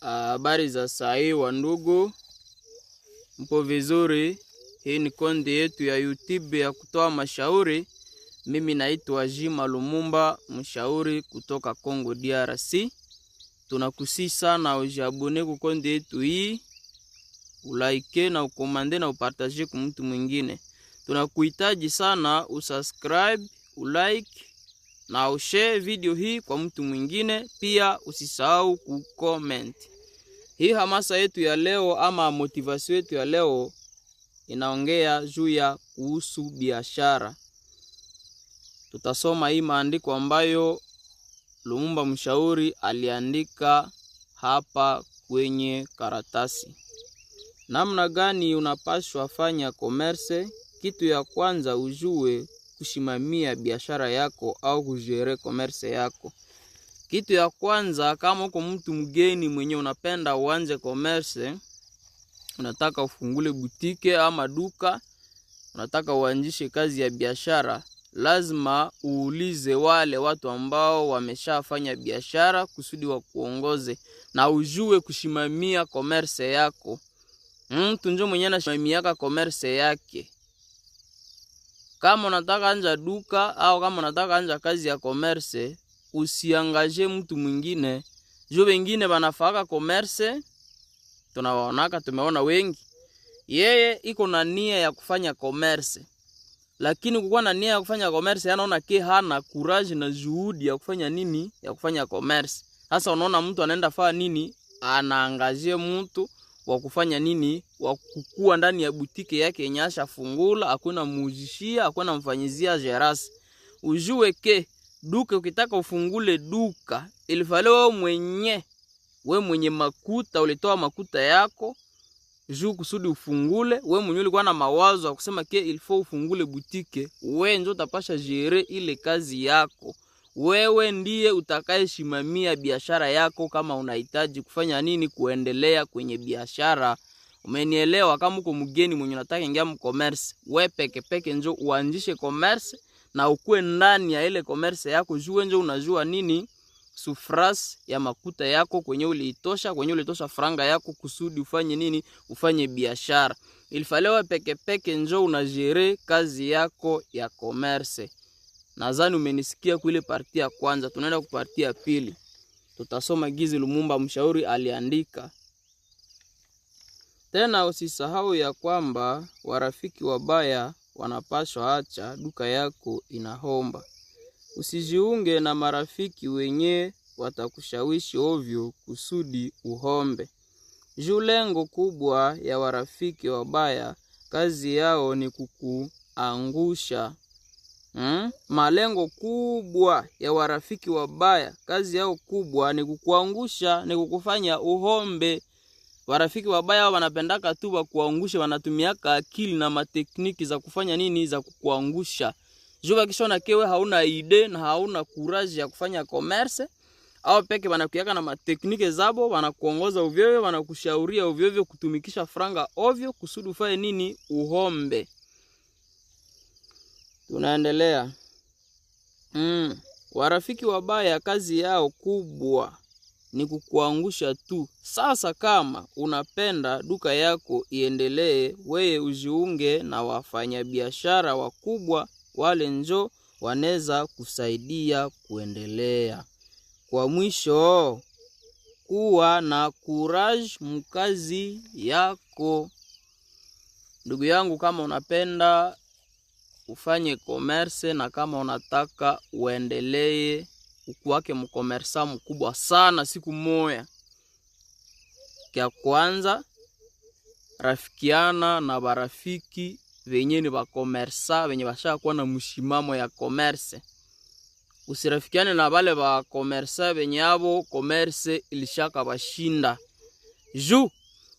Ah, habari za saa hii wa ndugu, mpo vizuri? Hii ni kondi yetu ya YouTube ya kutoa mashauri. Mimi naitwa Jima Lumumba, mshauri kutoka Congo DRC. Tunakusii sana ujiabone ku kondi yetu hii, ulaike na ukomande na upartaje ku mtu mwingine. Tunakuhitaji sana usubscribe, ulike na ushare video hii kwa mtu mwingine. Pia usisahau kucomment. Hii hamasa yetu ya leo ama motivasio yetu ya leo inaongea juu ya kuhusu biashara. Tutasoma hii maandiko ambayo Lumumba mshauri aliandika hapa kwenye karatasi. Namna gani unapaswa fanya komerse? Kitu ya kwanza ujue kusimamia biashara yako au kujere commerce yako. Kitu ya kwanza, kama uko mtu mgeni mwenye unapenda uanze commerce, unataka ufungule butike ama duka, unataka uanzishe kazi ya biashara, lazima uulize wale watu ambao wameshafanya biashara kusudi wa kuongoze na ujue kushimamia commerce yako. Mtu njo mwenye anashimamiaka commerce yake kama unataka anja duka au kama unataka anja kazi ya commerce, usiangaje mtu mwingine juu wengine wanafaka commerce, tunawaonaka, tumeona wengi. Yeye iko na nia ya kufanya commerce, lakini kukuwa na nia ya kufanya commerce, anaona ke hana courage na juhudi ya kufanya nini, ya kufanya commerce. Sasa unaona mtu anaenda faa nini, anaangazie mtu wa kufanya nini, wa kukua ndani ya butike yake yenye ashafungula, hakuna muuzishia, hakuna mfanyizia gerasi. Ujue ke duka, ukitaka ufungule duka ilifale wewe mwenye we mwenye makuta ulitoa makuta yako juu kusudi ufungule. We mwenye ulikuwa na mawazo ya kusema ke ilifo ufungule butike, we njo utapasha jere ile kazi yako. Wewe ndiye utakayesimamia biashara yako, kama unahitaji kufanya nini kuendelea kwenye biashara. Umenielewa? Kama uko mgeni mwenye unataka ingia mcommerce, we peke peke njo uanzishe commerce na ukue ndani ya ile commerce yako, jue njo unajua nini sufras ya makuta yako kwenye uliitosha kwenye uliitosha franga yako kusudi ufanye nini? Ufanye biashara. Ilifalewa peke peke njo unajere kazi yako ya commerce. Nadhani umenisikia kule parti ya kwanza, tunaenda kuparti ya pili. Tutasoma gizi Lumumba mshauri aliandika. Tena usisahau ya kwamba warafiki wabaya wanapaswa acha, duka yako inahomba. Usijiunge na marafiki wenye watakushawishi ovyo kusudi uhombe. Juu lengo kubwa ya warafiki wabaya kazi yao ni kukuangusha. Hmm? Malengo kubwa ya warafiki wabaya, kazi yao kubwa ni kukuangusha, ni kukufanya uhombe. Warafiki wabaya wanapendaka tu wakuangushe, wanatumiaka akili na matekniki za kufanya nini, za kukuangusha. Juu Kishona kewe hauna ide na hauna kuraji ya kufanya commerce au peke wanakuyaka na matekniki zabo, wanakuongoza uvyovyo, wanakushauria uvyovyo, kutumikisha franga ovyo, kusudi ufaye nini? Uhombe tunaendelea mm. Warafiki wabaya kazi yao kubwa ni kukuangusha tu. Sasa kama unapenda duka yako iendelee, weye ujiunge na wafanyabiashara wakubwa, wale njo wanaweza kusaidia kuendelea. Kwa mwisho, kuwa na courage mkazi yako, ndugu yangu. Kama unapenda ufanye komerse, na kama unataka uendelee ukuwake mkomersa mkubwa sana siku moya, kya kwanza rafikiana na barafiki venye ni bakomersa venye bashakuwa na mshimamo ya komerse. Usirafikiane na bale bakomersa venye abo komerse ilishaka bashinda juu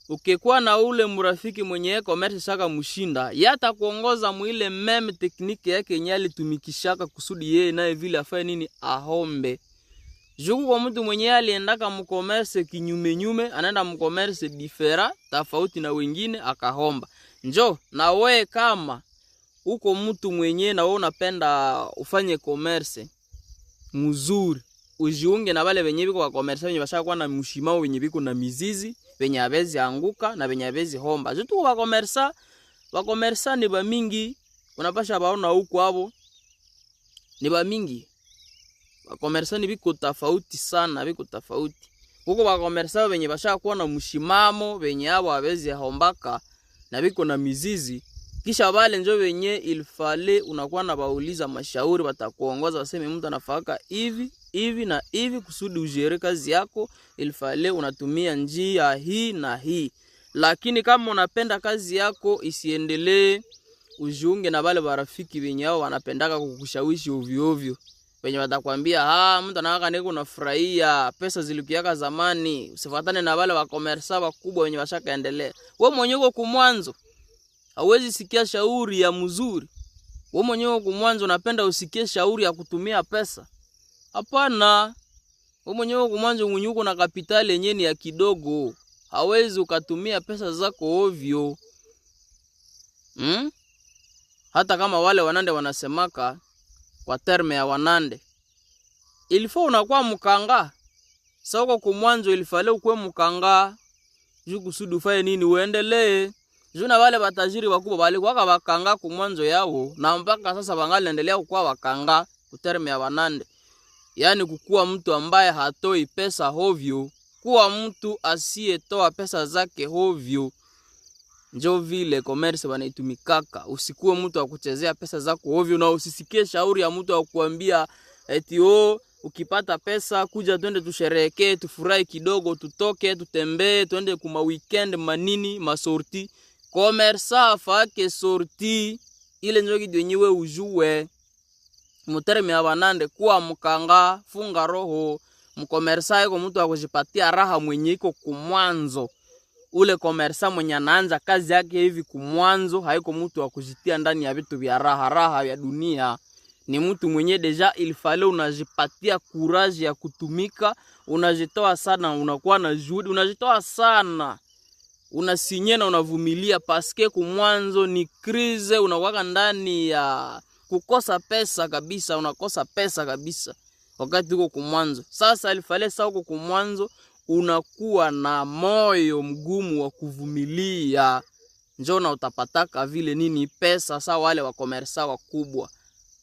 ukikuwa na ule mrafiki murafiki mwenyeko metisaka mshinda, yata kuongoza mwile meme tekniki yake yenye alitumikishaka kusudi yeye naye vile afanye nini ahombe juku kwa mtu mwenyewe aliendaka mkomerse kinyume nyume, anaenda mkomerse difera tofauti na wengine akahomba. Njo na we kama uko mtu mwenye na wewe unapenda ufanye komerse mzuri, ujiunge na wale wenye biko bakomersa wenye bashaka bashakuwa na mshimao wenye biko na mizizi wenye abezi anguka na wenye abezi homba zitu wa bakomersa ni ba mingi unapasha baona huko hapo ni ba mingi wa bakomersa ni biko tofauti sana biko tofauti huko wa bakomersa wenye bashaka bashakuwa na mshimamo wenye hapo abezi hombaka na biko na mizizi kisha wale njo wenye ilfale unakuwa na bauliza mashauri, watakuongoza waseme mtu anafaka hivi hivi na hivi kusudi ujere kazi yako, ilifale unatumia njia hii na hii. Lakini kama unapenda kazi yako isiendelee, ujiunge na wale barafiki wenye wao wanapendaka kukushawishi ovyo ovyo, wenye watakwambia ha, ah, mtu anaka niko nafurahia pesa zilikiaka zamani. Usifuatane na wale wakomersa wakubwa wenye washakaendelea. Wewe mwenyewe uko mwanzo, hauwezi sikia shauri ya mzuri. Wewe mwenyewe uko mwanzo, unapenda usikie shauri ya kutumia pesa. Hapana, wewe mwenyewe kumwanja mwenyuko na kapitali yenyewe ni ya kidogo, hawezi ukatumia pesa zako ovyo hmm? Hata kama wale wanande wanasemaka kwa terme ya wanande ilifo unakuwa mkanga sauko kumwanzo, ilifale ukuwe mkanga juu kusudi ufaye nini uendelee juna wale batajiri wakubwa balikuwaka wakanga kumwanzo yao na mpaka sasa bangali endelea kukuwa wakanga kuterme ya wanande yaani kukuwa mtu ambaye hatoi pesa hovyo, kuwa mtu asiyetoa pesa zake hovyo. Njo vile commerce wanaitumikaka. Usikuwe mtu wa kuchezea pesa zako hovyo, na usisikie shauri ya mtu wa kuambia eti oh, ukipata pesa kuja twende tusherehekee, tufurahi kidogo, tutoke tutembee, twende kuma weekend manini masorti. commerce afake sorti ile njo kidwenyiwe ujue muteremi ya banande kuwa mukanga funga roho mkomersa iko mtu akujipatia raha mwenye iko kumwanzo. Ule komersa mwenye anaanza kazi yake hivi kumwanzo, haiko mtu akujitia ndani ya vitu vya raha raha ya dunia. Ni mtu mwenye deja ilifale unajipatia kuraji ya kutumika, unajitoa sana, unakuwa na juhudi, unajitoa sana unasinyena unavumilia, paske kumwanzo ni krize unakuwaka ndani ya uh, kukosa pesa kabisa, unakosa pesa kabisa wakati uko kumwanzo. Sasa alifalesa huko kumwanzo, unakuwa na moyo mgumu wa kuvumilia, njona utapataka vile nini pesa. Sa wale wakomersa wakubwa,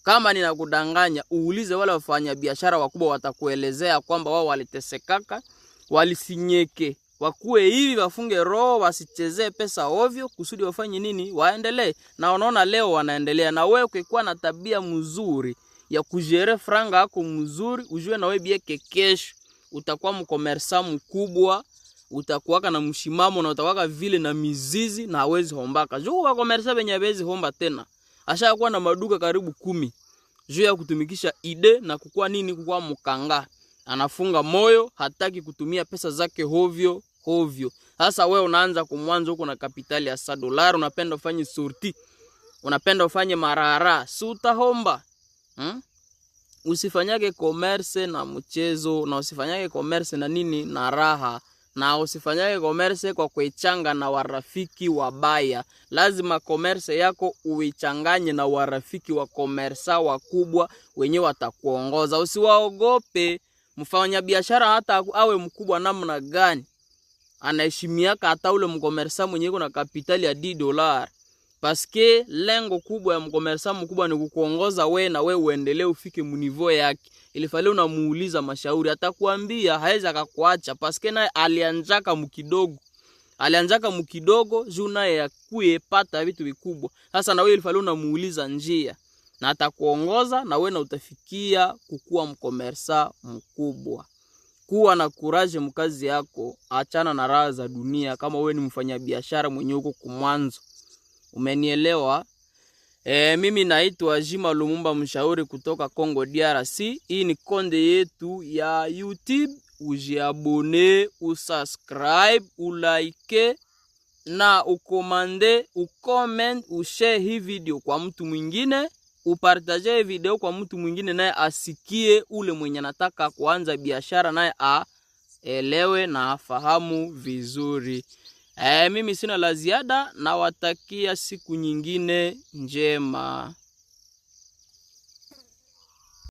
kama ninakudanganya, uulize wale wafanya biashara wakubwa, watakuelezea kwamba wao walitesekaka, walisinyeke wakuwe hivi, wafunge roho, wasichezee pesa ovyo, kusudi wafanye nini? Waendelee na unaona leo wanaendelea. Na wewe ukikuwa na tabia mzuri ya kujere franga yako mzuri, ujue na wewe bieke, kesho utakuwa mkomersa mkubwa, utakuwaka na mshimamo na utakuwaka vile na mizizi, na hawezi hombaka juu wakomersa benye hawezi homba tena, ashakuwa na maduka karibu kumi juu ya kutumikisha ide na kukuwa nini, kukuwa mkangaa anafunga moyo, hataki kutumia pesa zake hovyo hovyo. Sasa wewe unaanza kumwanza huko na kapitali ya sa dolari, unapenda ufanye surti, unapenda ufanye marara, si utahomba hmm? Usifanyage commerce na mchezo na usifanyage commerce na nini na raha na usifanyage commerce kwa kuichanga na warafiki wabaya. Lazima commerce yako uichanganye na warafiki wa commerce wakubwa, wenye watakuongoza. Usiwaogope mfanyabiashara hata awe mkubwa namna gani, anaheshimiaka hata ule mkomersa mwenye na kapitali ya d dolar, paske lengo kubwa ya mkomersa mkubwa ni kukuongoza we na we uendelee ufike mnivo yake. Ilifale unamuuliza mashauri, atakwambia haweza akakuacha, paske naye alianzaka mkidogo alianzaka mkidogo juu naye yakuye pata vitu vikubwa. Sasa na wewe ilifali unamuuliza njia na atakuongoza na wewe na utafikia kukuwa mkomersa mkubwa. Kuwa na kuraje mkazi yako, achana na raha za dunia. Kama wewe ni mfanyabiashara mwenye huko kumwanzo, umenielewa? E, mimi naitwa Jima Lumumba mshauri kutoka Congo DRC. Hii ni konde yetu ya YouTube, ujiabone, usubscribe, ulike na ukomande, ucomment, ushare hii video kwa mtu mwingine upartaje video kwa mtu mwingine naye asikie, ule mwenye anataka kuanza biashara naye aelewe na afahamu vizuri. E, mimi sina la ziada, nawatakia siku nyingine njema.